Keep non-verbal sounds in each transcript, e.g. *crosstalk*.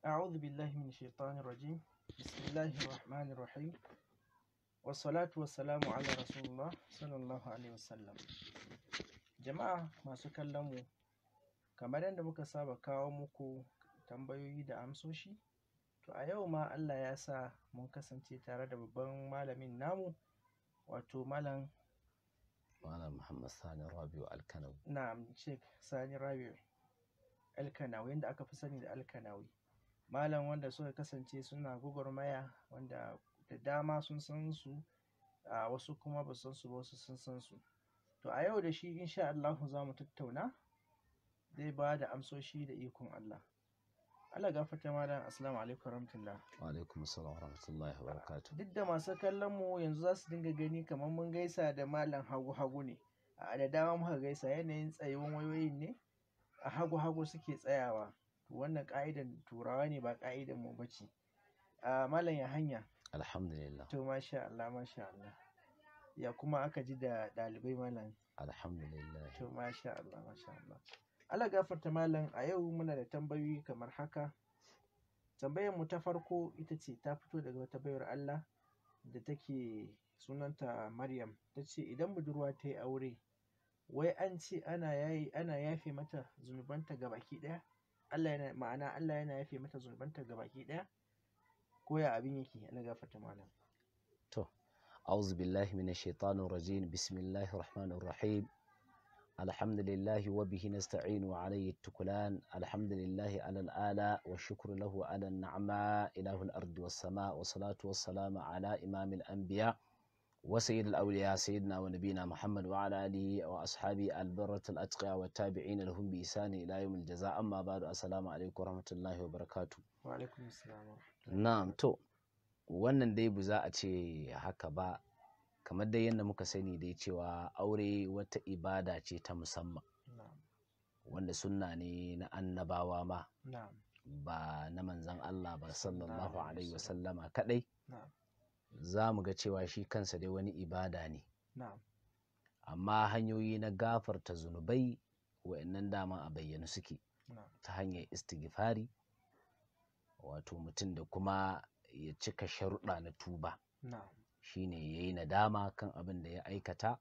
أعوذ بالله من الشيطان الرجيم بسم الله الرحمن الرحيم والصلاة والسلام على رسول الله صلى الله عليه وسلم jama'a masu kallon mu kamar yadda muka saba kawo muku tambayoyi da amsoshi to a yau ma Allah ya sa mun kasance tare da babban malamin namu wato malam malam Muhammad Sani Rabiu Alkanawi na'am Sheikh Sani Rabiu aka fi sani da Alkanawi malam wanda suka kasance suna gwagwarmaya wanda da dama sun san su a wasu kuma ba san su ba wasu sun san su to a yau da shi insha Allahu za mu tattauna zai ba da amsoshi da ikon Allah Allah gafarta malam assalamu alaikum warahmatullah wa alaikum assalam warahmatullahi wabarakatuh duk da masu kallon mu yanzu za su dinga gani kamar mun gaisa da malam hagu hagu ne a da dama muka gaisa yanayin tsayuwan wayoyin ne a hagu hagu suke tsayawa Wannan ƙa'idan turawa ne ba ƙa'idan mu ba ce. A malam ya hanya. Alhamdulillah. To masha Allah, masha Allah. Ya kuma aka ji da ɗalibai malam. Alhamdulillah. To masha Allah, masha Allah. Allah gafarta malam a yau muna da tambayoyi kamar haka. Tambayar mu ta farko ita ce ta fito daga wata baiwar Allah da take sunanta Maryam. Ta ce idan budurwa ta yi aure, wai an ce ana yafe mata zunubanta ga baki ɗaya? ma'ana Allah yana yafe mata zunubanta gabaki daya ko ya abin yake na gafarta malam to a'udhu billahi minash shaitanir rajim bismillahir rahmanir rahim الحمد لله وبه نستعين wa التكلان الحمد ala على الآلاء والشكر له على النعماء إله الأرض والسماء والصلاة والسلام على إمام الأنبياء وسيد الأولياء سيدنا ونبينا محمد وعلى آله وأصحابه البرة الأتقياء والتابعين لهم بإحسان إلى يوم الجزاء أما بعد السلام عليكم ورحمة الله وبركاته وعليكم السلام نعم تو wannan dai ba za a ce haka ba kamar dai yadda muka sani dai cewa aure wata ibada ce ta musamman wanda sunna ne na annabawa ma ba na manzan Allah ba sallallahu alaihi wasallama kadai za mu ga cewa shi kansa dai wani ibada ne amma hanyoyi na gafarta zunubai wa'annan dama a bayyane suke ta hanyar istighfari wato mutum da kuma ya cika sharuɗa na tuba shi ne ya yi nadama kan abin da ya aikata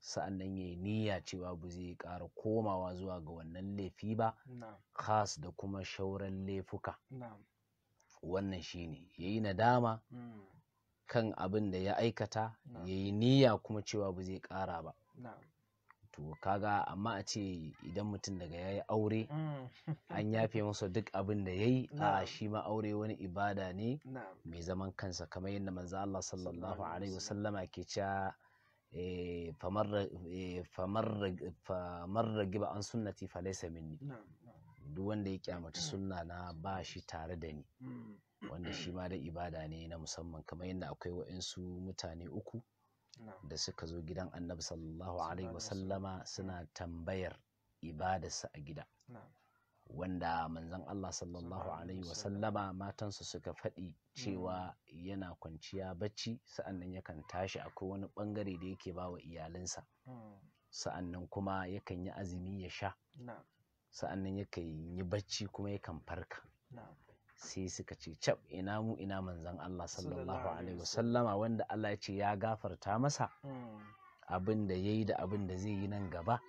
sa'an nan ya yi niyya cewa ba zai ƙara komawa zuwa ga wannan laifi ba khas da kuma shauran laifuka wannan shi ne ya yi nadama mm. kan abin da ya aikata ya yi niyya kuma cewa ba zai ƙara ba to kaga amma a ce idan mutum daga ya yi aure mm. an yafe masa duk abin da ya yi *laughs* a shi ma aure wani ibada ne mai zaman kansa kamar yadda manzo Allah sallallahu alaihi wasallama ke cewa eh, eh, famar ragiba an sunnati falaisa minni duk wanda ya kyamata mm. sunna na ba shi tare da ni mm. wanda shi ma da ibada ne na musamman kamar yadda akwai wa'insu mutane uku da suka zo gidan annabi sallallahu alaihi wasallama mm. suna tambayar ibadarsa a gida wanda manzon Allah sallallahu alaihi wasallama suka faɗi cewa mm. yana kwanciya bacci sa'annan yakan tashi akwai wani bangare da yake ba wa iyalinsa mm. sa'annan kuma yakan yi azumi ya sha sa'annan yakan yi bacci kuma yakan farka sai suka ce cab ina mu ina manzan Allah sallallahu alaihi wasallama wanda Allah ya ce ya gafarta masa hmm. abin da yayi da abin da zai yi nan gaba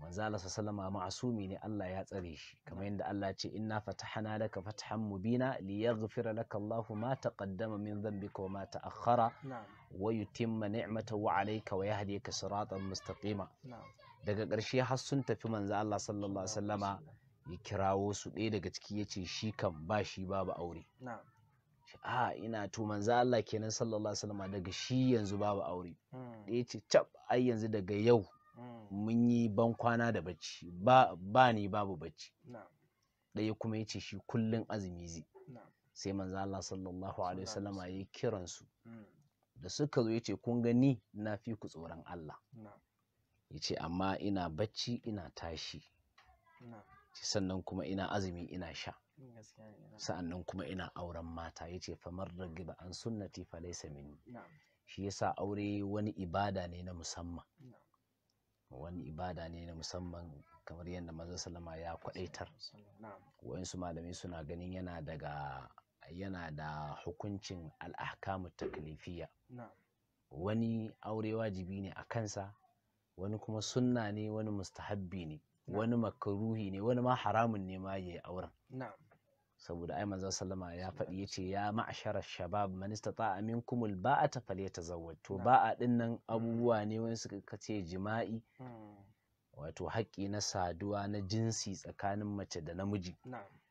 manzo Allah sallama ma'asumi ne Allah ya tsare shi kamar yadda Allah ya ce inna fatahana laka fathan mubina liyaghfira laka Allah ma taqaddama min dhanbika wa ma ta'akhkhara wa yutimma ni'matahu 'alayka wa yahdika siratan mustaqima daga ƙarshe har sun tafi manzo Allah sallallahu alaihi wasallama ya kirawo su ɗaya daga ciki ya ce shi kan ba shi babu aure a ina to manzo Allah kenan sallallahu alaihi wasallam daga shi yanzu babu aure hmm. da ya ce cap ai yanzu daga yau hmm. mun yi ban kwana da bacci ba ba ni babu bacci ɗaya kuma ya ce shi kullun azumi zai sai manzo Allah sallallahu alaihi wasallam ya kiran su hmm. da suka zo ya ce kun gani na fi ku tsoron Allah ya ce amma ina bacci ina tashi sannan kuma ina azumi ina sha sa'annan kuma ina auren mata ya ce famar gida an sunnati fa laysa minni shi yasa aure wani ibada ne na musamman wani ibada ne na musamman kamar yadda maza sallama ya kwadaitar wayansu malamai suna ganin yana daga yana da hukuncin al'ahkamu taklifiya wani aure wajibi ne a kansa wani kuma sunna ne wani mustahabbi ne wani makaruhi ne wani ma haramun ne ma yayi auren saboda ai manzon sallama ya faɗi yace ya ma'ashara shabab man a minkum ta falyatazawwaj to ba'a din nan mm. abubuwa ne wani suka ce jima'i mm. wato haƙƙi na saduwa na jinsi tsakanin mace da namiji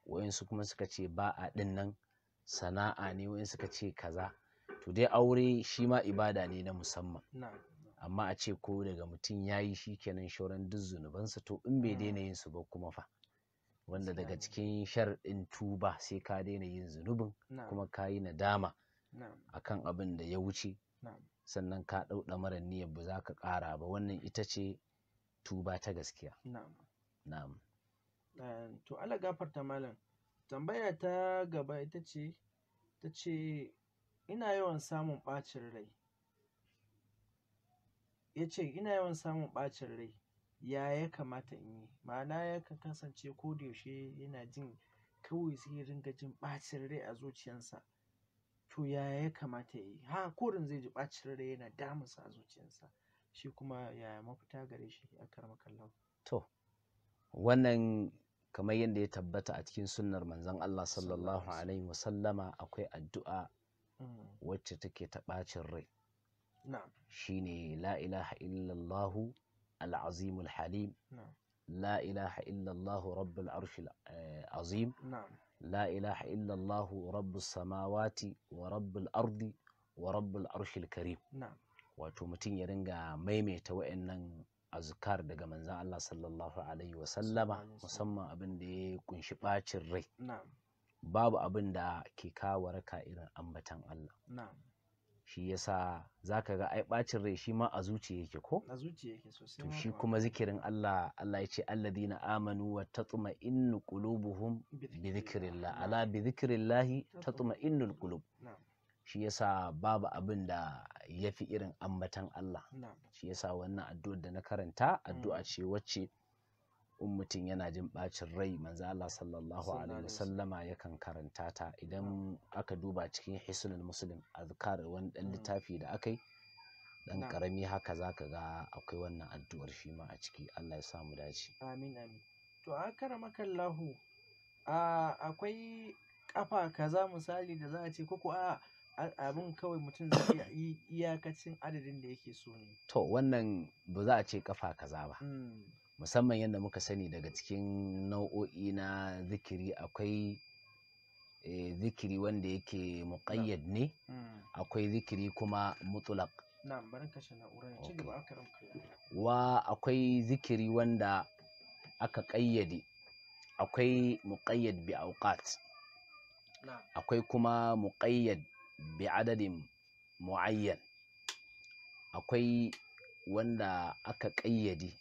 wa'insu kuma suka ce ba'a din nan sana'a ne wayansu suka ce kaza to dai aure shi ma ibada ne na musamman amma a ce ko daga mutum ya yi shi kenan shauran duk zunubansa to in bai daina mm. yin su ba kuma fa wanda daga cikin sharɗin tuba sai ka daina yin zunubin kuma ka yi nadama a kan abin da ya wuce sannan ka ɗauɗa mara niyyar ba za ka ƙara ba wannan ita ce tuba ta gaskiya na'am to Allah gafarta malam tambaya ta gaba ita ce ina yawan samun ɓacin rai ya ce ina yawan samun ɓacin rai ya ya kamata in yi ma'ana yakan kasance ko da yaushe yana jin kawai sai ya ringa jin ɓacin rai a zuciyarsa to ya ya kamata ya yi ha korin zai ji ɓacin rai yana damunsa a zuciyarsa shi kuma ya mafita gare shi a karmakallahu to wannan kamar yadda ya tabbata a cikin sunnar manzon Allah sallallahu alaihi wasallama akwai addu'a mm. wacce take ta ɓacin rai shine la ilaha illallahu al'azimul halim la ilaha illallahu rabbul arshil eh, azim la ilaha illallahu rabbus samawati wa rabbul ardi wa rabbul arshil karim wato mutum ya ringa maimaita waɗannan azkar daga manzan Allah sallallahu alaihi musamman abin da ya kunshi ɓacin rai babu abin da ke kawo raka irin ambatan Allah shi yasa zaka ga ai bacin rai shi ma a zuciya yake ko a zuciya yake sosai to shi kuma zikirin Allah Allah ya ce alladina amanu wa innu qulubuhum bi dhikrillah ala bi dhikrillah innu qulub shi yasa babu abin da yafi irin ambatan Allah shi yasa wannan addu'ar da na karanta addu'a mm. ce wacce in mutum yana jin bacin rai manzo Allah sallallahu alaihi wasallama yakan karanta ta idan aka duba cikin hisnul muslim azkar wani dan mm. littafi da akai dan karami haka zaka ga akwai wannan addu'ar shi ma a ciki Allah ya samu dace amin amin to akaramaka Allahu akwai kafa kaza misali da za a ce koko a abin kawai mutum zai yi iyakacin adadin da yake so ne to wannan ba za a ce kafa kaza ba mm. musamman yadda muka sani daga cikin nau'o'i na zikiri akwai eh, zikiri wanda yake muƙayyad ne hmm. akwai zikiri kuma mutulak wa akwai zikiri wanda aka ƙayyade akwai muƙayyad bi auqat akwai kuma muƙayyad bi adadin mu'ayyan akwai wanda aka ƙayyade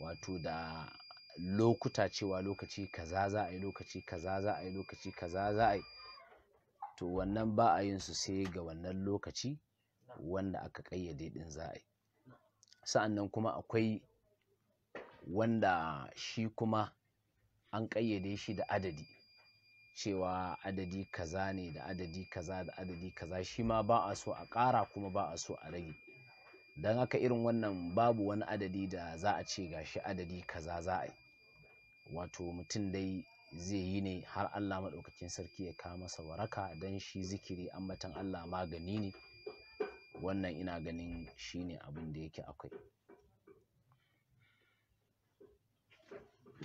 wato da lokuta cewa lokaci kaza za a yi lokaci kaza za a yi lokaci kaza za a yi to wannan ba a yin su sai ga wannan lokaci wanda aka ƙayyade din za a yi sa'annan kuma akwai wanda shi kuma an ƙayyade shi da adadi cewa adadi kaza ne da adadi kaza da adadi kaza shi ma ba a so a ƙara kuma ba a so a rage don haka irin wannan babu wani adadi da za a ce gashi adadi kaza za a yi wato mutum dai zai yi ne har Allah maɗaukakin sarki ya kawo masa waraka don shi zikiri ambatan Allah magani ne wannan ina ganin shi ne abin da yake akwai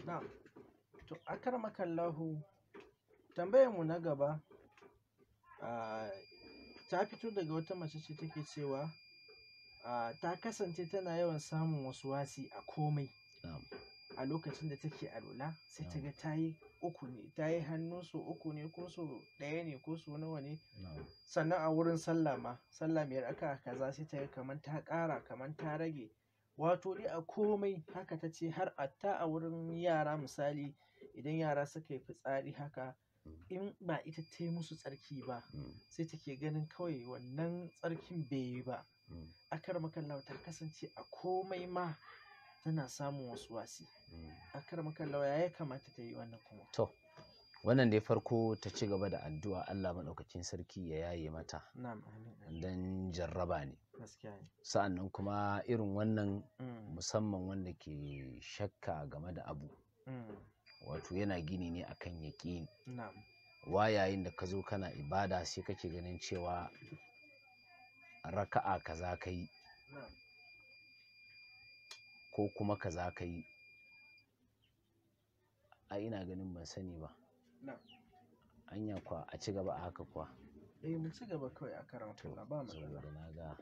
na'am to akarmakallahu tambayar mu na gaba ah, ta fito daga wata mace ce take cewa ta kasance tana yawan samun wasu wasi a komai a lokacin da take lula sai ta ga ta yi uku ne ta yi hannu su uku ne ko su ɗaya ne ko su nawa ne sannan a wurin sallah ma sallah mai raka kaza sai ta ga kamar ta ƙara kamar ta rage wato dai a komai haka ta ce har ta a wurin yara misali idan yara suka yi fitsari haka mm. in ba ita ta yi musu tsarki ba mm. sai take ganin kawai wannan tsarkin bai yi ba Mm. akar makallau ta kasance a komai ma tana samun wasu wasi mm. akar makallau ya kamata ta yi wannan kuma to wannan dai farko ta ci gaba da addu'a Allah maɗaukakin sarki ya yaye mata don jarraba ne sa'annan kuma irin wannan mm. musamman wanda ke shakka game da abu wato yana gini ne akan yaƙini wa yayin da ka zo kana ibada sai kake ganin cewa raka'a kaza ka yi ko kuma kaza ka yi a ina ganin ban sani ba anya kwa a ci gaba a haka kwa eh mu ci gaba kawai a karatu ba matsala na ga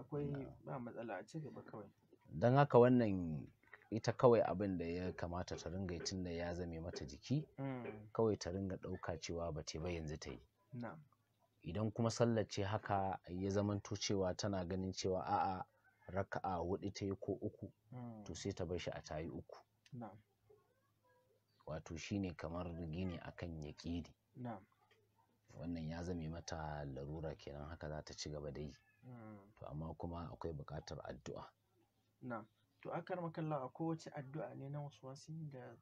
akwai ba matsala a ci gaba kawai don haka wannan ita kawai abin da ya kamata ta ringa tun da ya zame mata jiki mm. kawai ta ringa ɗauka cewa ba ta ba yanzu ta yi idan kuma sallar ce haka ya zamanto cewa tana ganin cewa a'a raka'a huɗu ta yi ko uku hmm. to sai ta bar shi a tayi uku wato shi ne kamar gini akan yaƙini wannan ya zame mata larura kenan haka za ta ci gaba da yi hmm. to amma kuma akwai buƙatar addu'a na'am to akar makalla a kowace addu'a ne na wasu da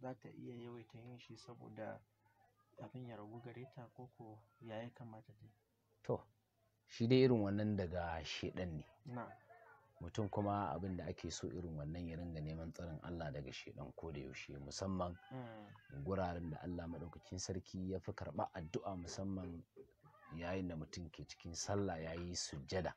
za ta iya yawaita yin shi saboda abin ya ragu gare ta ko ko ya ya kamata ta to shi dai irin wannan daga shedan ne mutum kuma abin da ake so irin wannan ya ringa neman tsarin Allah daga shedan ko da yaushe musamman mm. guraren da Allah madaukakin sarki ya fi karɓa addu'a musamman yayin da mutum ke cikin sallah ya yi sujjada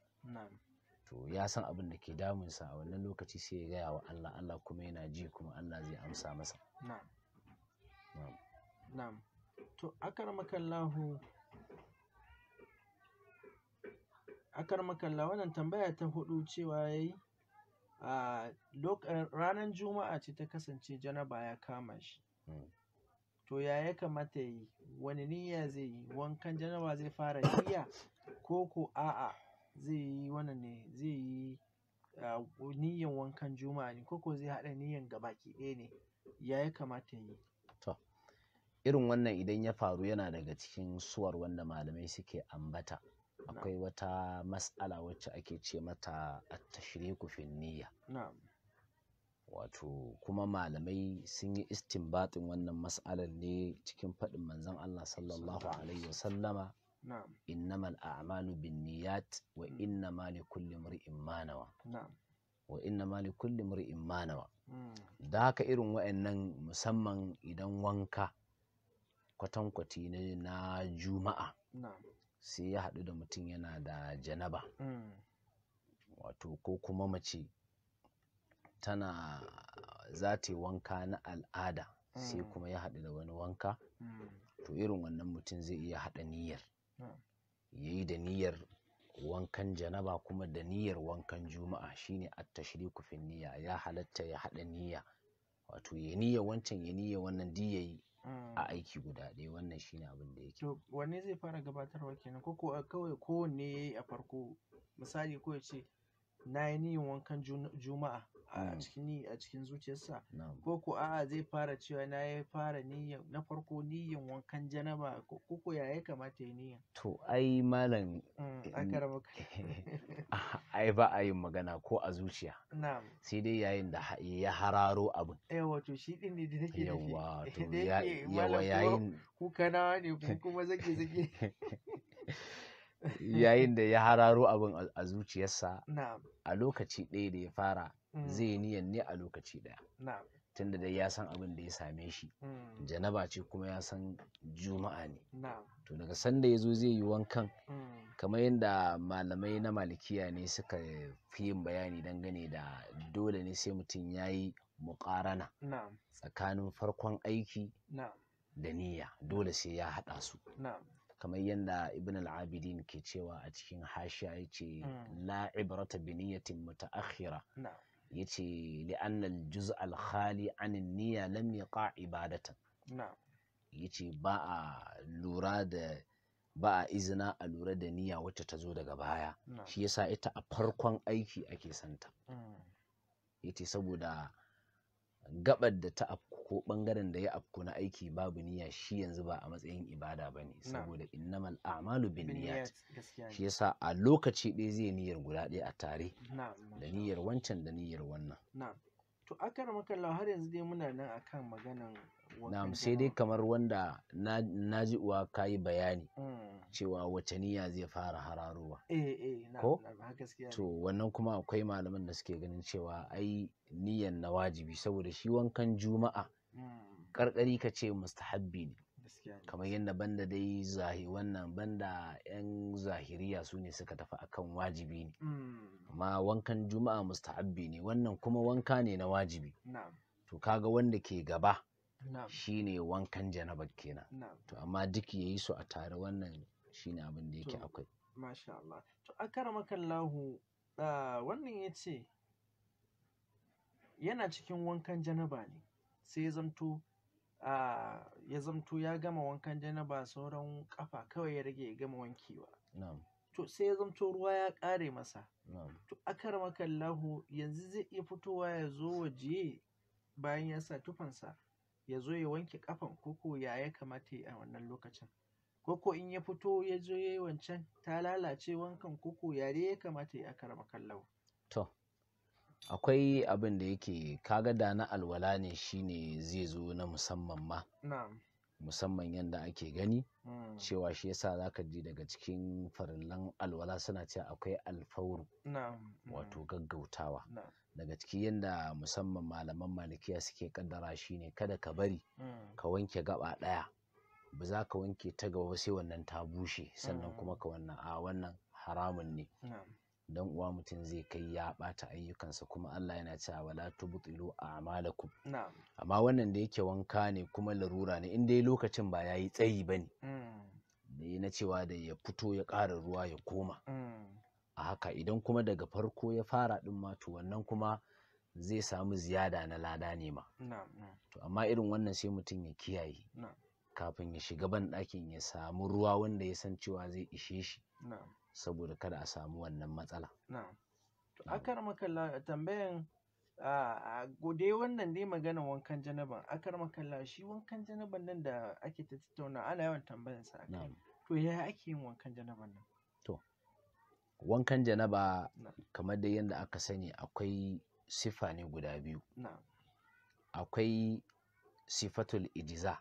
to ya san abin da ke damunsa a wannan lokaci sai ya gaya wa Allah Allah kuma yana ji kuma Allah zai amsa masa na'am na'am To, akarmakallahu, akarmakallahu wannan tambaya ta hudu cewa yayi, a ranar Juma'a ce ta kasance janaba ya kama shi. Hmm. To ya ya kamata yayi? wani niyya zai yi? Wankan janaba zai fara niyya ko ko a'a zai yi wannan ne zai yi niyyan wankan Juma'a ne ko ko zai haɗa niyyan gabaki ɗaya ne? Ya ya kamata yayi? irin wannan idan ya faru yana daga cikin suwar wanda malamai suke ambata akwai wata mas'ala wacce ake ce mata a kufin finniya wato kuma malamai sun yi istinbatin wannan mas'alar ne cikin faɗin manzon Allah sallallahu alaihi wasallama innamal a'malu binniyat mm. wa innama likulli ma nawa wa inna mali imri'in ma nawa da haka irin wa'annan musamman idan wanka kwatankwati ne na juma'a sai ya haɗu da mutum yana da janaba mm. wato ko kuma mace tana za ta wanka na al'ada sai mm. kuma ya haɗu da wani wanka mm. to irin wannan mutum zai iya haɗa niyyar ya yi da niyyar wankan janaba kuma da niyyar wankan juma'a shine a tashriku fin niyya ya halatta ya haɗa niyya wato ya niyya wancan ya niyya wannan diyayi Mm. a aiki guda ɗaya wannan shi ne abin da yake to wanne zai fara gabatarwa kenan ko kawai kowanne ya yi a farko misali ko ce na yi niyyar wankan juma'a a mm. cikin a cikin zuciyarsa ko ko a'a zai fara cewa na ya fara niyya na farko niyyan wankan janaba ko ko ya kamata ya niyya to ai malam mm, eh, mm, eh, *laughs* ah, ai ba a yin magana ko a zuciya sai dai yayin da ya hararo abin yawa to shi din ne da nake *laughs* yawa yayin ne ko kuma zage zage *laughs* yayin da ya hararo abin a zuciyarsa a lokaci ɗaya da ya fara Mm. zai yi niyan ne a lokaci daya tunda dai ya san abin da ya same shi mm. janaba ce kuma ya san juma'a ne to daga sanda ya zo zai yi wankan mm. kamar yadda malamai na malikiya ne suka fi yin bayani dangane da dole ne sai mutum ya yi muƙarana tsakanin farkon aiki da niyya dole sai ya haɗa su kamar yadda ibn al-abidin ke cewa a cikin hashiya ya ce la biniyatin mata'akhira yace li'annal juz khali an niyya lam yaqa ibadatan yace ba a lura da ba a izina a lura da niyya wacce ta zo daga baya shi yasa ita a farkon aiki ake santa mm. yace saboda gabar da ta afku ko bangaren da ya afku na aiki babu niyya shi yanzu ba a matsayin ibada ba ne saboda innamal a'malu bin niyyat shi yasa a lokaci ɗaya zai niyyar guda ɗaya a tare da niyyar wancan da niyyar wannan to akan makalla har yanzu dai muna nan akan maganan na'am sai dai kamar wanda na ji uwa ka yi bayani mm. cewa wace niyya zai fara hararowa eh, eh, ko to wannan kuma akwai malaman da suke ganin cewa ai niyyan na wajibi saboda shi wankan juma'a karkari mm. ka ce mustahabbi ne kamar yadda banda dai zahi wannan banda yan zahiriya su ne suka tafi akan wajibi ne mm. amma wankan juma'a mustahabbi ne wannan kuma wanka ne na wajibi to kaga wanda ke gaba shine wankan janabar kenan to amma duk yayi su a tare wannan shine abin da yake akwai masha Allah to lahu wannan yace yana cikin wankan janaba ne sai ya zamto ya gama wankan janaba sauran kafa kawai ya rage ya gama wankewa to sai ya zamto ruwa ya kare masa to lahu yanzu zai iya fitowa ya zo waje bayan ya sa tufansa ya zo ya wanke ƙafan koko ko ya ya kamata ya a wannan lokacin koko in ya fito ya zo ya wancan ta lalace wankan ko ko ya dai ya kamata ya yi akarama kallau to akwai abin da yake kaga da na alwala ne shine zai zo na musamman ma na'am musamman yadda ake gani hmm. cewa shi yasa zaka ji daga cikin farillan alwala suna cewa akwai alfawru na'am hmm. wato gaggautawa na'am daga ciki yadda musamman malaman malikiya suke kaddara ne kada ka bari hmm. ka wanke gaba ɗaya ba za ka wanke ta gaba sai wannan ta bushe sannan kuma hmm. ka wannan a wannan haramun ne don uwa mutum zai kai ya bata ayyukansa kuma Allah yana cewa wala tubtilu a'malakum amma wannan da yake wanka ne kuma larura ne in dai lokacin ba yayi tsayi bane ne hmm. na cewa da ya fito ya ƙara ruwa ya koma a haka idan kuma daga farko ya fara ɗin ma to wannan kuma zai samu ziyada na lada ne ma to amma irin wannan sai mutum ya kiyaye kafin ya shiga ban ɗakin ya samu ruwa wanda ya san cewa zai ishe shi saboda kada a samu wannan matsala akar makalla tambayan a gode wannan dai maganar wankan janaban akar makalla shi wankan janaban nan da ake ta tattauna ana yawan sa to ya ake yin wankan janaban nan wankan janaba kamar da yadda aka sani akwai sifa ne guda biyu akwai sifatul ijiza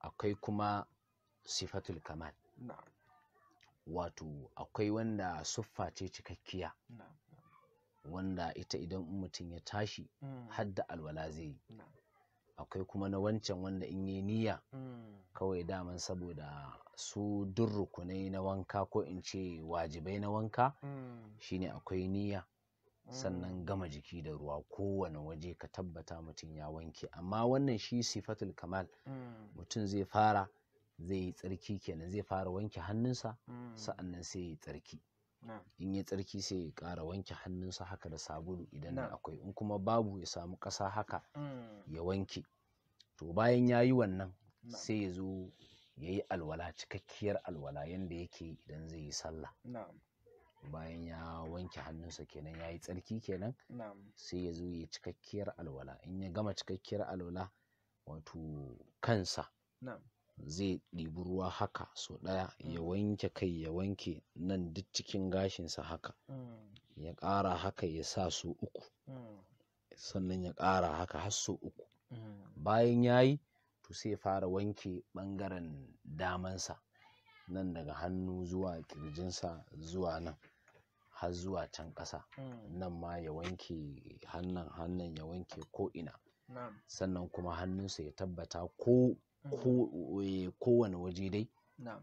akwai kuma sifatul kamal wato akwai wanda siffa ce cikakkiya wanda ita idan mutum ya tashi mm. hadda alwala zai yi akwai kuma na wancan wanda in yi niyya hmm. kawai daman saboda su duk rukunai na wanka ko in ce wajibai na wanka hmm. shine akwai niyya sannan hmm. gama jiki da ruwa kowane waje ka tabbata mutum ya wanke amma wannan shi sifatul kamal mutum zai fara zai yi tsarki kenan zai fara wanke hannunsa sa'annan sai ya yi tsarki in ya tsarki sai ya ƙara wanke hannunsa haka da sabulu idan na akwai in kuma babu ya samu ƙasa haka mm. ya wanke to bayan ya yi wannan sai ya zo ya yi alwala cikakkiyar alwala yadda yake idan zai yi sallah bayan ya wanke hannunsa kenan ya yi tsarki kenan sai ya zo ya yi cikakkiyar alwala in ya gama cikakkiyar alwala wato kansa zai ɗibi ruwa haka so ɗaya ya mm. wanke kai ya wanke nan duk cikin gashinsa haka mm. ya ƙara haka ya sa so uku mm. sannan ya ƙara haka har so uku bayan ya yi to sai fara wanke ɓangaren damansa nan daga hannu zuwa ƙirjinsa zuwa nan har zuwa can ƙasa nan ma ya wanke hannun hannun ya wanke ko ina, sannan kuma hannunsa ya tabbata ko Mm. ko eh, kowane waje dai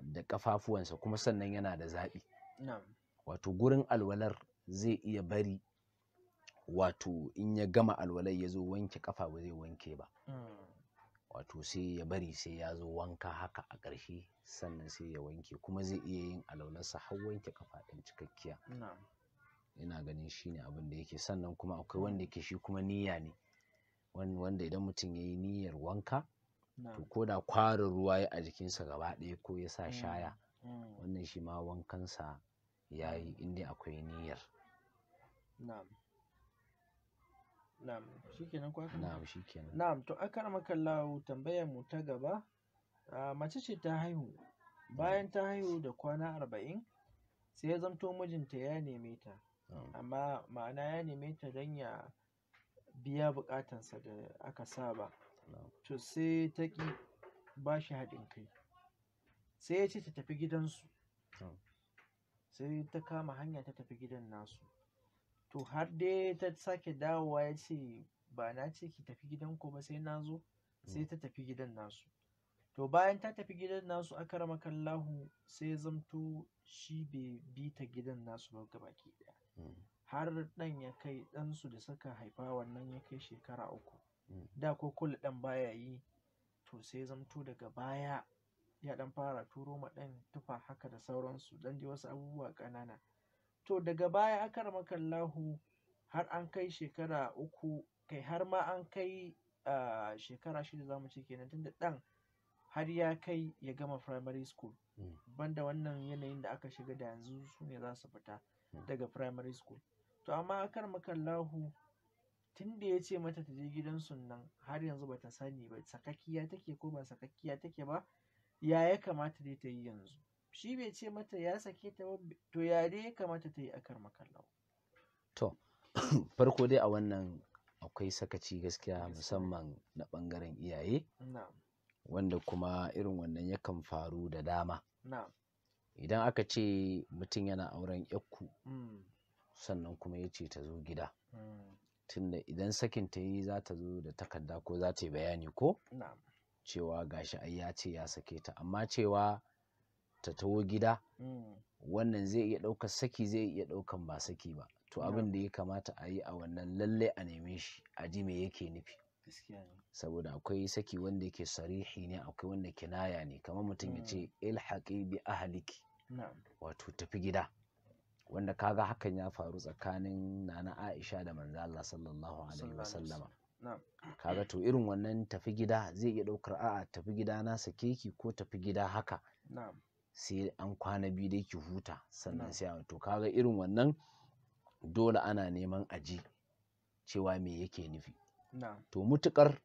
da ƙafafuwansa kuma sannan yana da zaɓi wato gurin alwalar zai iya bari wato in ya gama alwalar ya zo wanke ƙafa ba zai wanke ba mm. wato sai ya bari sai ya zo wanka haka a ƙarshe sannan sai ya wanke kuma zai iya yin alwalarsa har wanke ƙafa ɗin cikakkiya ina ganin shi ne abin da yake sannan kuma akwai mm. wanda yake shi kuma niyya ne wanda idan mutum ya yi niyyar wanka ko da kwarin ruwa ya a jikinsa gaba ɗaya ko ya sa mm, shaya mm. wannan shi ma wankansa ya yi inda akwai niyyar na'am to shikenan ko na'am shikenan na'am tambayar mu ta gaba mace ce ta haihu mm. bayan ta haihu da kwana arba'in sai ya zamto mijinta ya neme ta amma ma'ana ya neme ta don ya biya bukatansa da aka saba To sai ta ƙi ba shi haɗin kai. Sai ya ce ta tafi gidansu. Sai ta kama hanya ta tafi gidan nasu. To har dai ta sake dawowa ya ce ba na ce ki tafi gidanku ba sai na zo. Hmm. Sai ta tafi gidan nasu. To bayan ta tafi gidan nasu aka rama kallahu sai ya zamto shi bai bi ta gidan nasu ba ke ɗaya. Hmm. Har ɗan ya kai ɗansu da suka haifa wannan ya kai shekara uku. Mm. Da ko kula ɗin baya yi to sai ya zamto daga baya ya ɗan fara turo ma ɗan tufa haka da sauransu ɗan dai wasu abubuwa ƙanana. To daga baya kallahu har an kai shekara uku kai har ma an kai ah, shekara shida za mu ce kenan tunda ɗan har ya kai ya gama primary school. Mm. Banda wannan yanayin da aka shiga da yanzu su ne za su fita mm. daga firamare school. To amma kallahu tun da ya ce mata ta je gidansu nan har yanzu ba ta sani ba sakakkiya take ko ba sakakkiya take ba ya ya kamata dai ta yi yanzu shi bai ce mata ya sake ta ba to ya dai ya kamata ta yi akar makallau to *coughs* farko dai a wannan akwai sakaci gaskiya musamman na bangaren iyaye wanda kuma irin wannan yakan faru da dama idan aka ce mutum yana auren yakku mm. sannan kuma ya ce ta zo gida mm. tunda idan sakin ta yi za ta zo da takarda ko za ta yi bayani ko cewa gashi ai ya ce ya sake ta amma cewa ta taho gida mm. wannan zai iya ɗaukar saki zai iya ɗaukan ba saki ba to abin da ya kamata a yi a wannan lallai a neme shi a ji me yake nufi saboda akwai saki wanda yake sarihi ne akwai wanda kinaya ne kamar mutum ya ce mm. ilhaqi bi ahliki wato tafi gida wanda kaga hakan ya faru tsakanin nana aisha da manzo Allah sallallahu alaihi kaga to irin wannan tafi gida zai iya ɗaukar a'a tafi gida na sake ki ko tafi gida haka sai an kwana biyu dai ki huta sannan sai to kaga irin wannan dole ana neman aji cewa me yake nufi to mutukar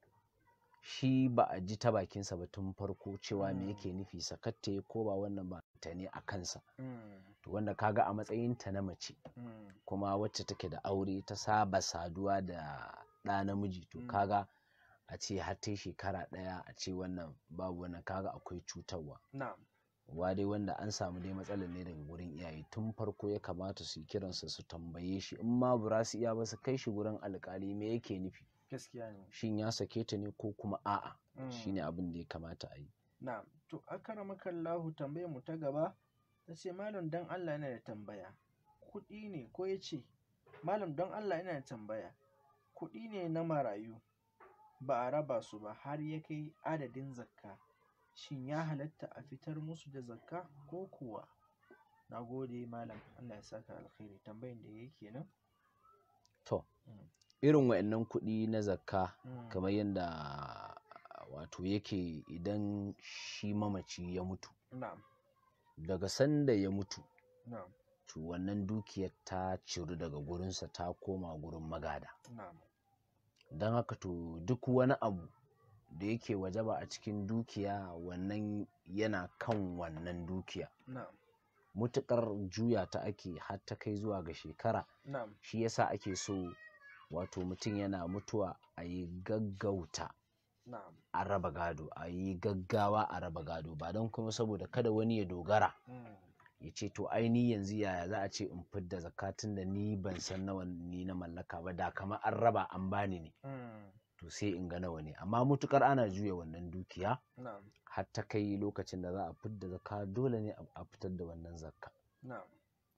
shi ba a ji ta bakinsa ba tun farko cewa me mm. yake nufi sakatta ko ba wannan ba ta ne a kansa mm. to wanda kaga a matsayin ta na mace mm. kuma wacce take da aure ta saba saduwa da ɗa namiji to kaga mm. a ce har ta shekara ɗaya a ce wannan babu wannan kaga akwai cutarwa wa dai wanda an samu dai matsalar ne daga wurin iyaye tun farko ya kamata su kiransa su tambaye shi in ma ba su iya ba su kai shi wurin alkali me yake nufi shin ya sake ta ne ko kuma a'a mm. shine abin da ya kamata a yi na'am to akara tambayar mu ta gaba Ta ce malam don Allah ina da tambaya. Kuɗi ne ko ya ce malam don Allah yana da tambaya. Kuɗi ne na marayu ba a raba su ba har ya kai adadin zakka. Shin ya halatta a fitar musu da zakka ko kuwa? Na gode malam Allah ya saka alkhairi tambayin da yayi nan? To, mm. irin wa'annan kuɗi na zakka mm. kamar yadda wato yake idan shi mamaci ya mutu. Na'am. daga sanda ya mutu to wannan dukiyar ta ciru daga gurinsa ta koma gurin magada don haka to duk wani abu da yake wajaba a cikin dukiya wannan yana kan wannan dukiya mutukar juya ta ake har ta kai zuwa ga shekara shi yasa ake so wato mutum yana mutuwa a yi gaggauta a raba gado a yi gaggawa a raba gado ba don kuma saboda kada wani ya dogara mm. ya ce to aini yanzu yaya za a ce in fidda zakatun da ni ban san nawa ni na mallaka ba da kamar an raba an bani ne mm. to sai in ga nawa ne amma mutukar ana juya wannan dukiya har ta kai lokacin da za a fidda zakka dole ne a fitar da wannan zakka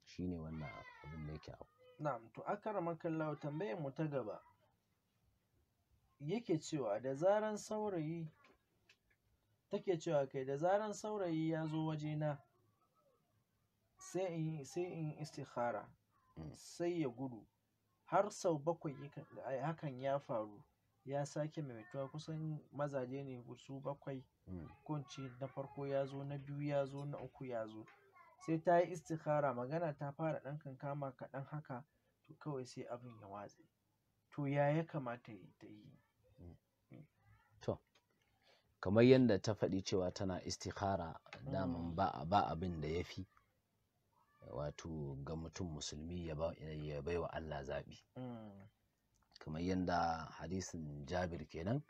shine wannan abin da yake abu na'am to rama tambayar mu ta gaba yake cewa da zaran saurayi take cewa kai da zaran saurayi ya zo wajena sai in sai in istikhara mm. sai ya gudu har sau bakwai hakan ya faru ya sake maimaituwa kusan mazaje ne su bakwai mm. kunci na farko ya zo na biyu ya zo na uku ya zo sai ta yi istikhara magana ta fara ɗan kankama kaɗan haka to kawai sai abin ya watse to ya ya kamata ta yi kamar yadda ta faɗi cewa tana istikhara daman mm. ba ba abin da yafi wato ga mutum musulmi ya bai wa Allah zaɓi mm. kamar yadda hadisin jabir kenan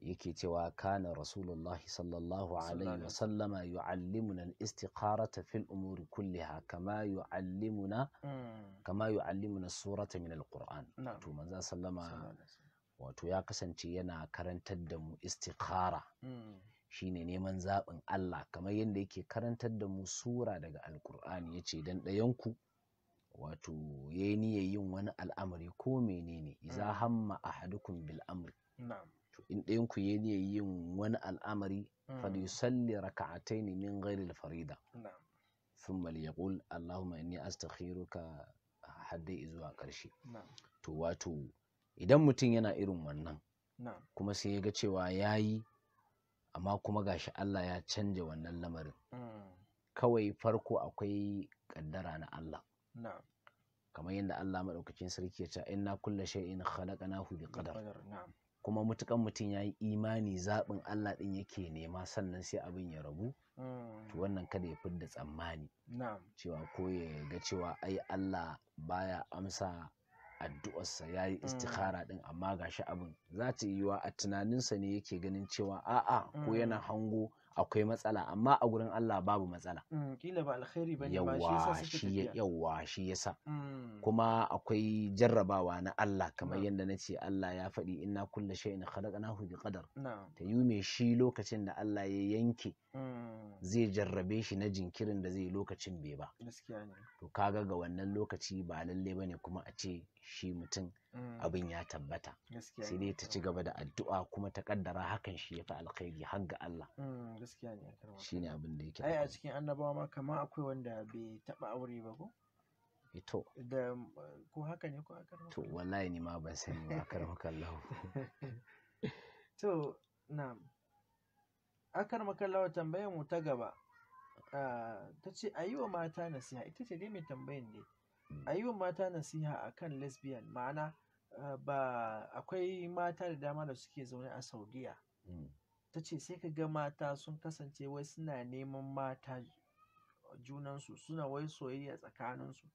yake cewa kana rasulullahi sallallahu alaihi wa wasallama yu'allimuna al-istikharata fil umuri kulliha kama yu'allimuna mm. kama yu'allimuna surata min al-qur'an to sallama wato ya kasance yana karantar da mu istikhara hmm. shine neman zaɓin Allah kamar yadda yake karantar da mu sura daga alkur'ani ya ce dan ɗayanku wato ya yi niyyar yin wani al'amari ko menene iza hmm. hamma a hadukun amri to in ɗayanku ya yi niyyar yin wani al'amari fal a taini min gairil farida thumma liyaqul allahumma inni astaghfiruka hadda zuwa ƙarshe to wato idan mutum yana irin wannan kuma sai ya ga cewa ya yi amma kuma shi Allah ya canja wannan lamarin mm. kawai farko akwai kaddara na Allah kamar yadda Allah maɗaukacin sarki ya ce inna kulla shay'in khalaqnahu bi qadar kuma mutukan mutum ya yi imani zaɓin Allah ɗin yake nema sannan sai abin ya rabu mm. to wannan kada ya fidda tsammani cewa ko ya ga cewa ai Allah baya amsa addu'arsa ya yi mm. istikhara din amma gashi shi abin za ta wa a tunaninsa ne yake ganin cewa a'a ko mm. yana hango akwai matsala amma a gurin Allah babu matsala mm, kila ba alkhairi bane shi yasa yawa kuma akwai jarrabawa na Allah kamar yadda na ce Allah ya faɗi inna kulla shay'in khalaqnahu bi qadar ta yi me shi lokacin da Allah ya yanke zai jarrabe shi na jinkirin da zai lokacin bai ba to kaga ga wannan lokaci ba lalle bane kuma a ce shi mutum mm. abin ya tabbata sai dai ta ci gaba da addu'a kuma ta kaddara hakan shi ya fi alkhairi har ga Allah mm, gaskiya ne shine abin da yake ai a cikin annabawa ma kamar akwai wanda bai taba aure ba ko e, to da ko haka ne ko haka to wallahi ni ma ban sani ba akar makallahu *laughs* to na'am akar makallahu tambayar mu ta gaba ah, ta ce a yi wa mata nasiha ita ce dai mai tambayin ne A yi wa mata nasiha a kan lesbian ma'ana eh, ba akwai mata da dama da suke zaune a Saudiya. Mm. Ta ce sai ka ga mata sun kasance wai suna neman mata junansu suna wai soyayya tsakaninsu.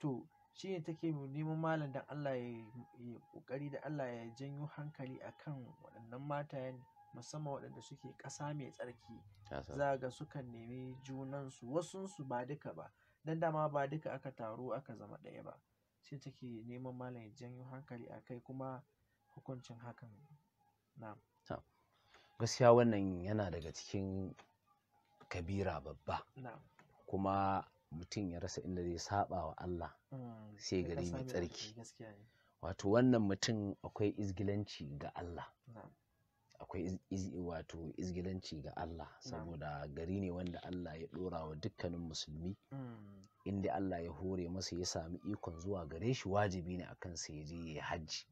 To shi ne take neman malam don Allah ya kokari da Allah ya janyo hankali a kan waɗannan matayen musamman waɗanda suke ƙasa mai tsarki. Za ga sukan nemi junansu wasunsu ba duka ba don dama ba duka aka taru aka zama ɗaya ba sai take neman malam ya janyo hankali a kai kuma hukuncin hakan na gaskiya wannan yana daga cikin kabira babba kuma mutum ya rasa inda zai saba wa Allah mm, sai gari mai tsarki wato wannan mutum akwai izgilanci ga Allah akwai wato izgilanci ga Allah saboda gari ne wanda Allah ya ɗora wa dukkanin musulmi hmm. inda Allah ya hore masa ya samu ikon zuwa gare shi wajibi ne akan sa ya je ya hajji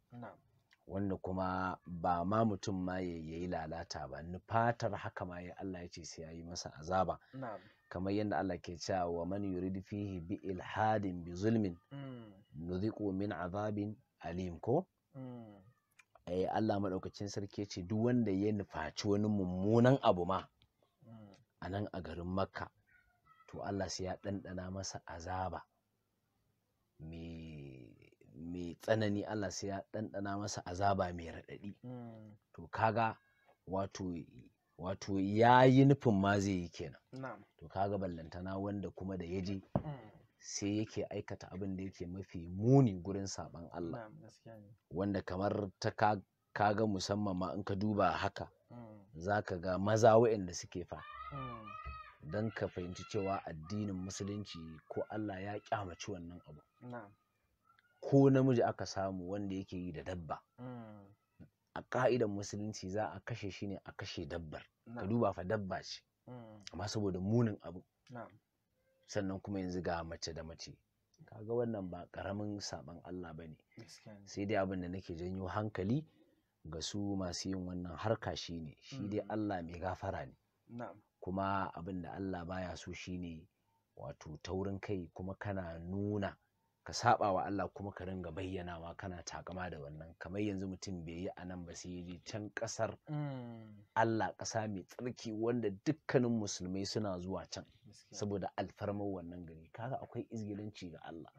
wanda kuma ba ma mutum ma ya yi lalata ba ni fatar haka ma ya Allah ya ce sai ya yi masa azaba kamar yadda Allah ke cewa wa man yurid fihi bi ilhadin bi zulmin hmm. nuziqu min azabin alim ko hmm. eh Allah maɗaukacin sarki ce duk wanda ya nufaci wani mummunan abu ma anan a garin makka to Allah sai ya ɗanɗana masa azaba me mai tsanani Allah sai ya ɗanɗana masa azaba mai raɗaɗi hmm. to kaga wato wato ya yi nufin ma zai yi kenan to kaga ballantana wanda kuma da ya je hmm. sai yake aikata abin da yake mafi muni gurin saban Allah wanda kamar ta kaga musamman ma in ka duba haka mm. za ka ga maza waɗanda suke fa mm. don ka fahimci cewa addinin musulunci ko Allah ya kyamaci wannan abu ko namiji aka samu wanda yake yi da dabba mm. a ka'idan musulunci za a kashe shi ne a kashe dabbar ka duba fa dabba ce amma saboda munin abu sannan kuma yanzu ga mace da mace kaga wannan ba karamin saban Allah ba ne sai dai abin da nake janyo hankali ga su masu yin wannan harka shi ne shi dai mm. Allah mai gafara ne kuma abin da Allah baya so shine ne wato taurin kai kuma kana nuna ka saba wa Allah kuma ka ringa bayyana ma kana takama da wannan kamar yanzu mutum bai yi a nan ba sai je can kasar mm. Allah kasa mai tsarki wanda dukkanin musulmai suna zuwa can saboda alfarmar wannan gari kaga akwai izgilanci ga Allah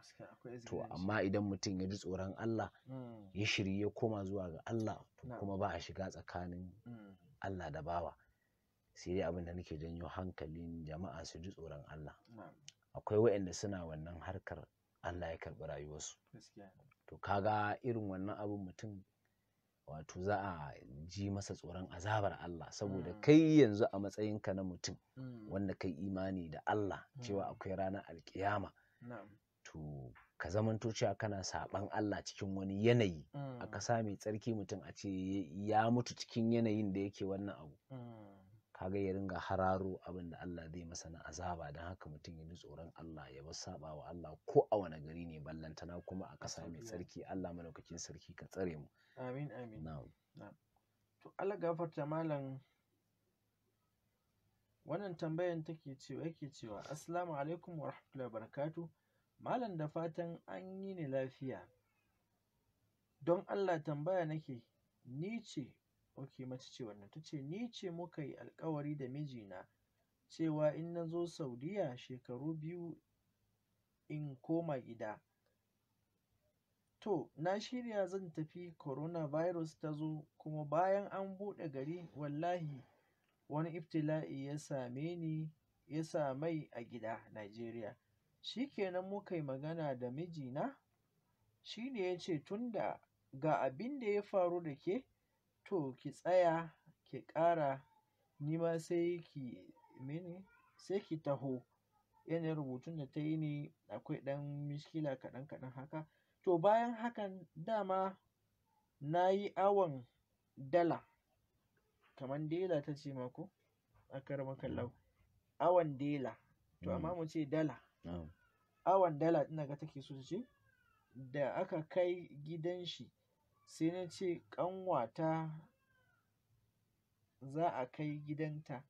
to amma idan mutum ya ji tsoron Allah mm. ya shirye ya koma zuwa ga Allah kuma ba a shiga tsakanin mm. Allah da bawa sai dai abin da nake janyo hankalin jama'a su ji tsoron Allah akwai waɗanda suna wannan harkar Allah ya karɓi rayuwarsu to kaga irin wannan abun mutum wato za a ji masa tsoron azabar Allah saboda mm. kai yanzu a matsayinka na mutum mm. wanda kai imani da Allah cewa mm. akwai ranar alkiyama to ka zamanto cewa kana saban Allah cikin wani yanayi aka sa mai tsarki mutum a ce ya mutu cikin yanayin da yake wannan abu kaga ya ringa hararo abin da Allah zai masa na azaba don haka mutum ya ji tsoron Allah ya bar saba wa Allah ko a wani gari ne ballantana kuma a ƙasa mai tsarki Allah madaukakin sarki ka tsare mu amin amin na'am to Allah gafarta malam wannan tambayan take cewa yake cewa assalamu alaikum wa rahmatullahi wa barakatuh malam da fatan an yi ni lafiya don Allah tambaya nake ni ce Ok mace ce wannan ta ni ce muka yi alkawari da mijina cewa in na zo Saudiya shekaru biyu in koma gida. To, na shirya zan tafi coronavirus ta zo kuma bayan an buɗe gari wallahi wani iftila'i ya same ni ya mai a gida Najeriya. Shi kenan muka yi magana da mijina, shi ne ya ce tun ga abin da ya faru da ke, to ki tsaya ki ƙara nima ma sai ki mene sai ki taho. Yanayin rubutun da ta yi ne akwai ɗan mishkila kaɗan kaɗan haka. To bayan hakan dama na yi awon dala kaman dela ta ce ma ko akarmakallahu mm. awon dela to mm. amma mu ce dala mm. awon dala ɗin nan ga take so ta ce da aka kai gidan shi sai na ce ƙanwata za a kai gidanta.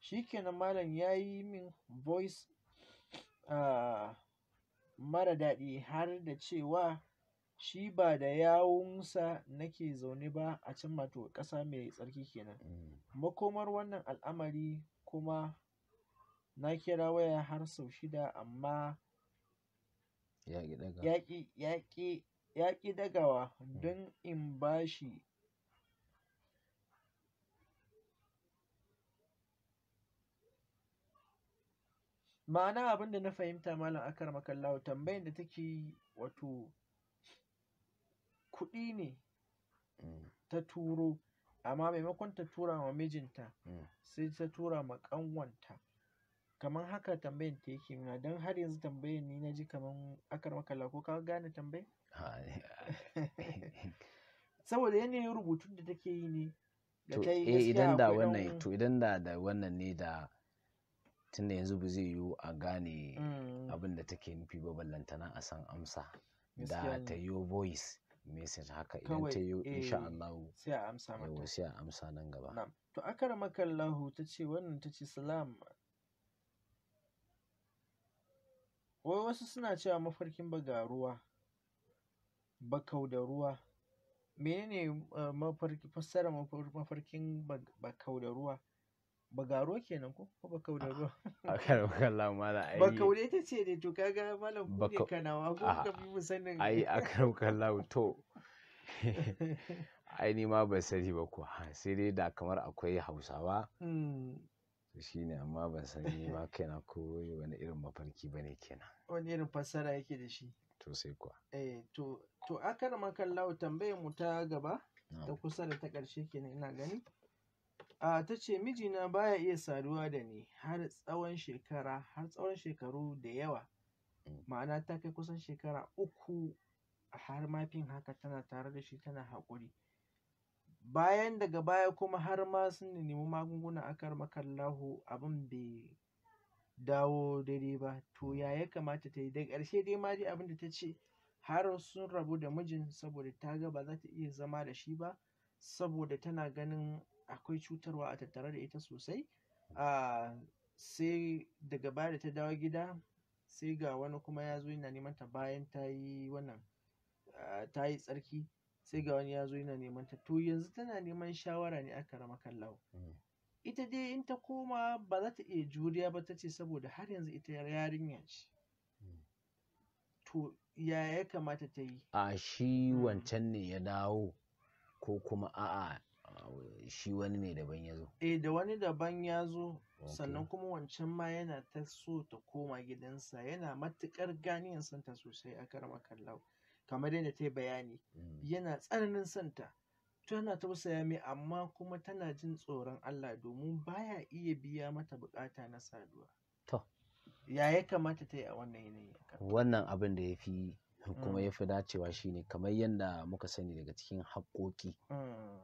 Shi ke malam ya yi min voice mara daɗi har da cewa shi ba da yawunsa nake zaune ba a can mato ƙasa mai tsarki kenan. Mm. Makomar wannan al'amari kuma na kira waya har sau shida amma ya ya ƙi ɗagawa hmm. don in ba shi ma'ana abin da na fahimta malam akar makallahu tambayan da take yi wato kuɗi ne hmm. ta turo amma maimakon ta tura wa mijinta hmm. sai ta tura ma ƙanwanta kamar haka tambayan ta yake nuna don har yanzu tambayan ni na ji kamar akar makallahu ko ka gane tambayan *laughs* saboda yanayin rubutun da take yi ne da ta yi eh, idan da wannan to idan da da wannan ne da tunda yanzu ba zai yiwu a gane mm. abin da take nufi ba ballantana a san amsa da ta yi voice message haka idan ta yi insha eh, Allah sai a amsa mata sai a amsa nan gaba to akara makallahu ta ce wannan ta ce salam wai wasu suna cewa mafarkin bagaruwa. ruwa bakau da ruwa. Menene eh, mafarki mafarkin bakau da ruwa? Bagaro kenan ko? Ko bakau da ruwa? *laughs* kalla mala ai. Bakau dai ta ce ne to kaga malam ku ne Kanawa ko kuka ah, fi mu sanin. Ai *laughs* kalla to. *laughs* Ai ni ma ban sani ba kuwa sai dai da kamar akwai Hausawa. Hmm. Shi ne amma ban sani ba kenan ko wani irin mafarki ba ne kenan. Wani irin fassara yake da shi? sai kuwa. Eh to, to akarama kallahu tambayar mu ta gaba ah. ta kusa da ta ƙarshe kenan ina gani. A ah, ta ce mijina baya iya saduwa da ni har tsawon shekara har tsawon shekaru da yawa. Mm. Ma'ana ta kai kusan shekara uku har ma haka tana tare da shi tana haƙuri. Bayan daga baya kuma har ma sun nemi magunguna akarama Lahu, abin bai dawo daidai ba to ya ya kamata ta yi daga ƙarshe dai ma dai abin da ta ce har sun rabu da mijin saboda ta ga ba za ta iya zama da shi ba saboda tana ganin akwai cutarwa a tattare da ita sosai a sai daga baya da ta dawo gida sai ga wani kuma ya zo yana neman ta bayan ta yi wannan ta yi tsarki sai ga wani ya zo yana neman ta to yanzu tana neman shawara ne aka rama kallawo hmm. ita dai in ta koma ba za ta iya juriya ba ta ce saboda har yanzu ita yarinya ce hmm. to ya ya kamata ta yi a shi hmm. wancan ne ya dawo ko kuma a'a shi wani ne daban ya zo eh da wani daban ya zo sannan kuma wancan ma yana ta so ta koma gidansa yana matukar ganiyan santa sosai a karama kallau kamar yadda ta yi bayani hmm. yana tsananin santa tana tausaya mai amma kuma tana jin tsoron Allah domin baya iya biya mata bukata na saduwa. To. Ya ya kamata ta yi a wannan yanayi? Wannan abin da ya fi kuma mm. ya fi dacewa shi ne, kamar yadda muka sani daga cikin haƙoƙi. Mm.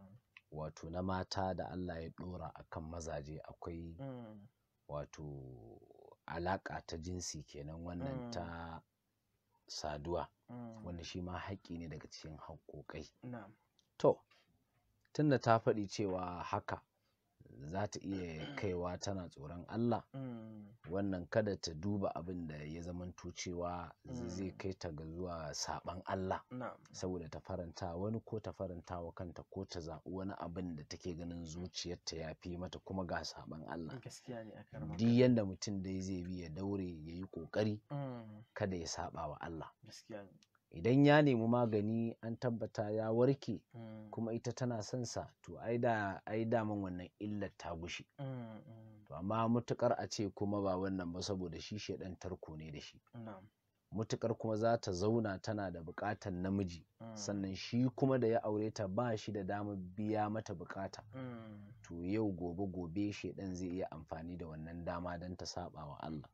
Wato na mata da Allah ya ɗora a kan mazaje akwai mm. wato alaƙa ta jinsi kenan wannan ta saduwa. Wanda shi ma haƙƙi ne daga cikin haƙoƙai. To. tunda ta faɗi cewa haka za ta iya mm. kaiwa tana tsoron Allah mm. wannan kada ta duba abin da ya zamanto cewa zai mm. kai ta ga zuwa saban Allah saboda ta faranta wani ko ta faranta wa kanta ko ta zaɓi wani abin da take ganin zuciyarta ya fi mata kuma ga saban Allah duk yadda mutum dai zai bi ya daure ya yi ƙoƙari kada ya saba wa Allah idan ya nemi magani an tabbata ya warke mm. kuma ita tana son sa to ai da ai daman wannan illar ta gushi mm, mm. to amma mutukar a ce kuma ba wannan ba saboda shi shaɗan tarko ne da shi mutukar kuma za ta zauna tana da bukatan namiji sannan shi kuma da ya aure ta ba shi da damar biya mata bukata to yau gobe gobe shedan zai iya amfani da wannan dama don ta saba wa Allah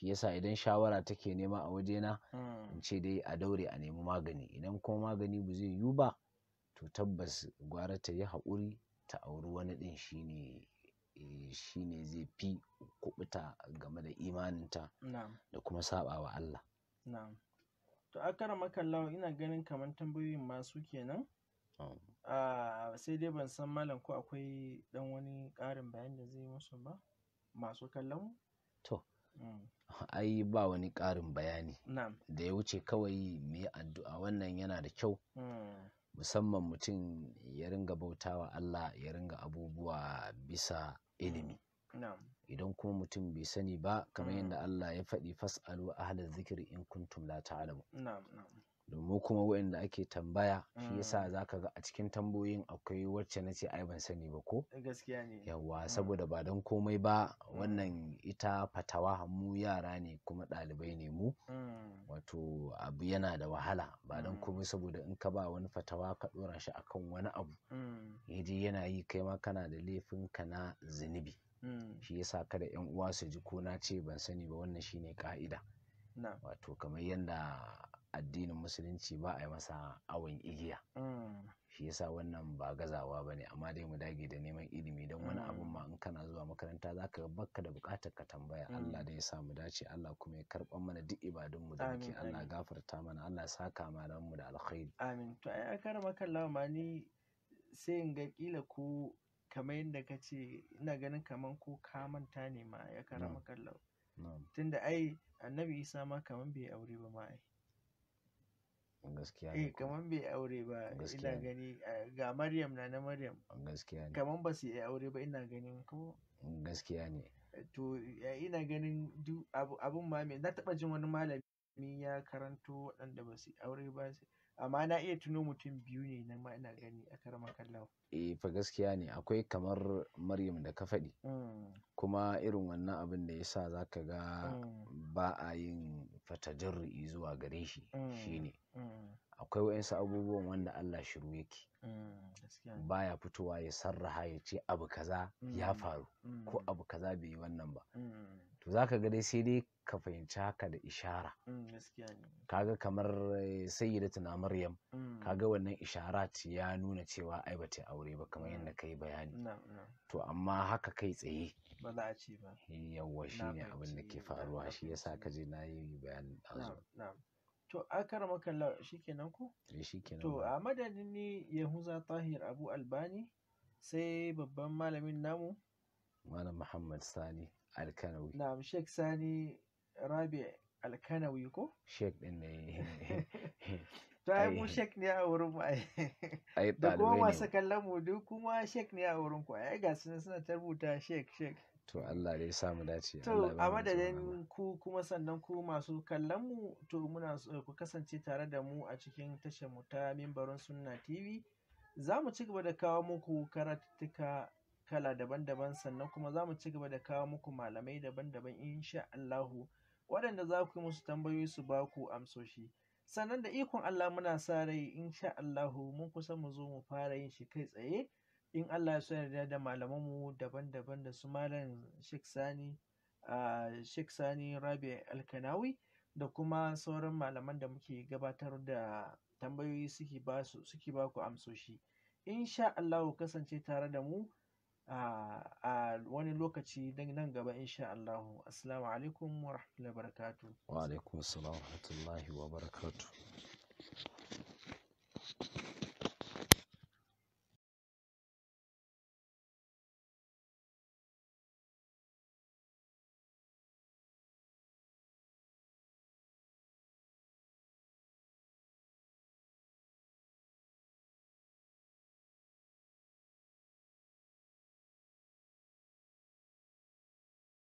shi yasa idan shawara take nema a wajena hmm. in ce dai a daure a nemi magani idan kuma magani ba zai yiwu ba to tabbas gwara ta yi haƙuri ta auri wani ɗin shi ne eh, zai fi kuɓuta game da imaninta da kuma saɓa wa Allah to a kara makallawa ina ganin kamar tambayoyin masu kenan oh. ah, sai dai ban san malam ko akwai ɗan wani ƙarin bayan da zai musu ba masu kallon to hmm. ai ba wani ƙarin bayani da ya wuce kawai mu yi addu'a wannan yana da kyau hmm. musamman mutum ya ringa bautawa Allah ya ringa abubuwa bisa ilimi hmm. idan kuma mutum bai sani ba kamar hmm. yadda Allah ya faɗi fas'alu ahla zikiri in kuntum la ta'lamu domin kuma waɗanda ake tambaya shi yasa mm. za ka ga a cikin tambayoyin akwai wacce na ce ai ban sani ba ko gaskiya yawa mm. saboda ba don komai ba mm. wannan ita fatawa mu yara ne kuma ɗalibai ne mu wato abu yana da wahala ba don komai saboda in ka ba wani fatawa ka ɗora shi akan wani abu yaje yana yi kai ma kana da laifin ka na zunubi shi yasa kada yan uwa su ji ko na ce ban sani ba wannan shine ka'ida wato kamar yadda addinin musulunci ba a yi masa awon igiya mm. shi yasa wannan ba gazawa ba ne amma dai mu dage da neman ilimi don wani mm. abun ma in kana zuwa makaranta za ka bakka da bukatar ka tambaya mm. Allah dai ya sa mu dace Allah kuma ya karɓar mana duk ibadunmu da muke Allah gafarta mana Allah ya saka malan mu da alkhairi amin to ai akara makallawa ma ni sai in ga kila ko kamar yadda ka ce ina ganin kamar ko ka manta ne ma ya kara makallawa tunda ai annabi Isa ma kamar bai aure ba ma ai Gaskiya ne. Eh kaman bai aure ba ina gani ga Maryam na na Maryam. Gaskiya ne. Kaman ba su yi aure ba ina ganin ko. Gaskiya ne. Eh, to ina ganin duk abun ma me na taɓa jin wani malami ya karanto waɗanda ba su yi aure ba amma na iya tuno mutum biyu ne na ma ina gani a kallon Eh fa gaskiya ne akwai kamar Maryam da ka faɗi. Mm. Kuma irin wannan abin da ya sa za ka ga mm. ba a yin fatajarru'i zuwa gare shi mm, ne. Mm. akwai wa'insu abubuwan wanda Allah shiru yake mm, ya fitowa ya sarraha ya ce abu kaza ya faru ko abu kaza bai yi wannan ba to za ka ga dai sai dai ka fahimci haka da ishara mm, kaga kamar eh, sayyidatuna maryam kaga mm. wannan ishara ce ya nuna cewa ai ba ta aure ba kamar yadda mm. kai bayani to amma haka kai tsaye ba za a abin da ke faruwa shi sa ka je na yi bayanin ɗazu To a kara makalla shi kenan ko? Eh, shi kenan. To a madadin ni Yahuza Tahir Abu Albani sai babban malamin namu. Malam Muhammad Sani. alkanawi na'am sheikh sani rabi alkanawi ko sheikh din ne *laughs* to ai mu sheikh ne a wurin mu ai *laughs* da kuma masu kallon mu duk kuma sheikh ne a wurin ku ai ga sun suna ta rubuta sheikh to Allah dai sa mu dace to a madadin ku kuma sannan ku masu kallon mu to muna ku kasance tare da mu a cikin tashar mu ta mimbarin sunna tv za mu ci gaba da kawo muku karatuttuka kala daban-daban sannan kuma zamu mu ci gaba da kawo muku malamai daban-daban insha Allahu waɗanda za ku yi musu tambayoyi su ba ku amsoshi. Sannan da ikon Allah muna sa rai insha Allahu mun kusa mu zo mu fara yin shi kai tsaye in Allah ya so yarda da malamanmu daban-daban da su malam Sheikh Sani Sheikh Sani Rabi Alkanawi da kuma sauran malaman da muke gabatar da tambayoyi suke ba su suke ba ku amsoshi. Insha Allah kasance tare da mu a wani lokaci dan nan gaba insha Allahu. Assalamu alaikum wa rahmatullahi wa barakatuh. Wa alaikum wa rahmatullahi wa barakatuh.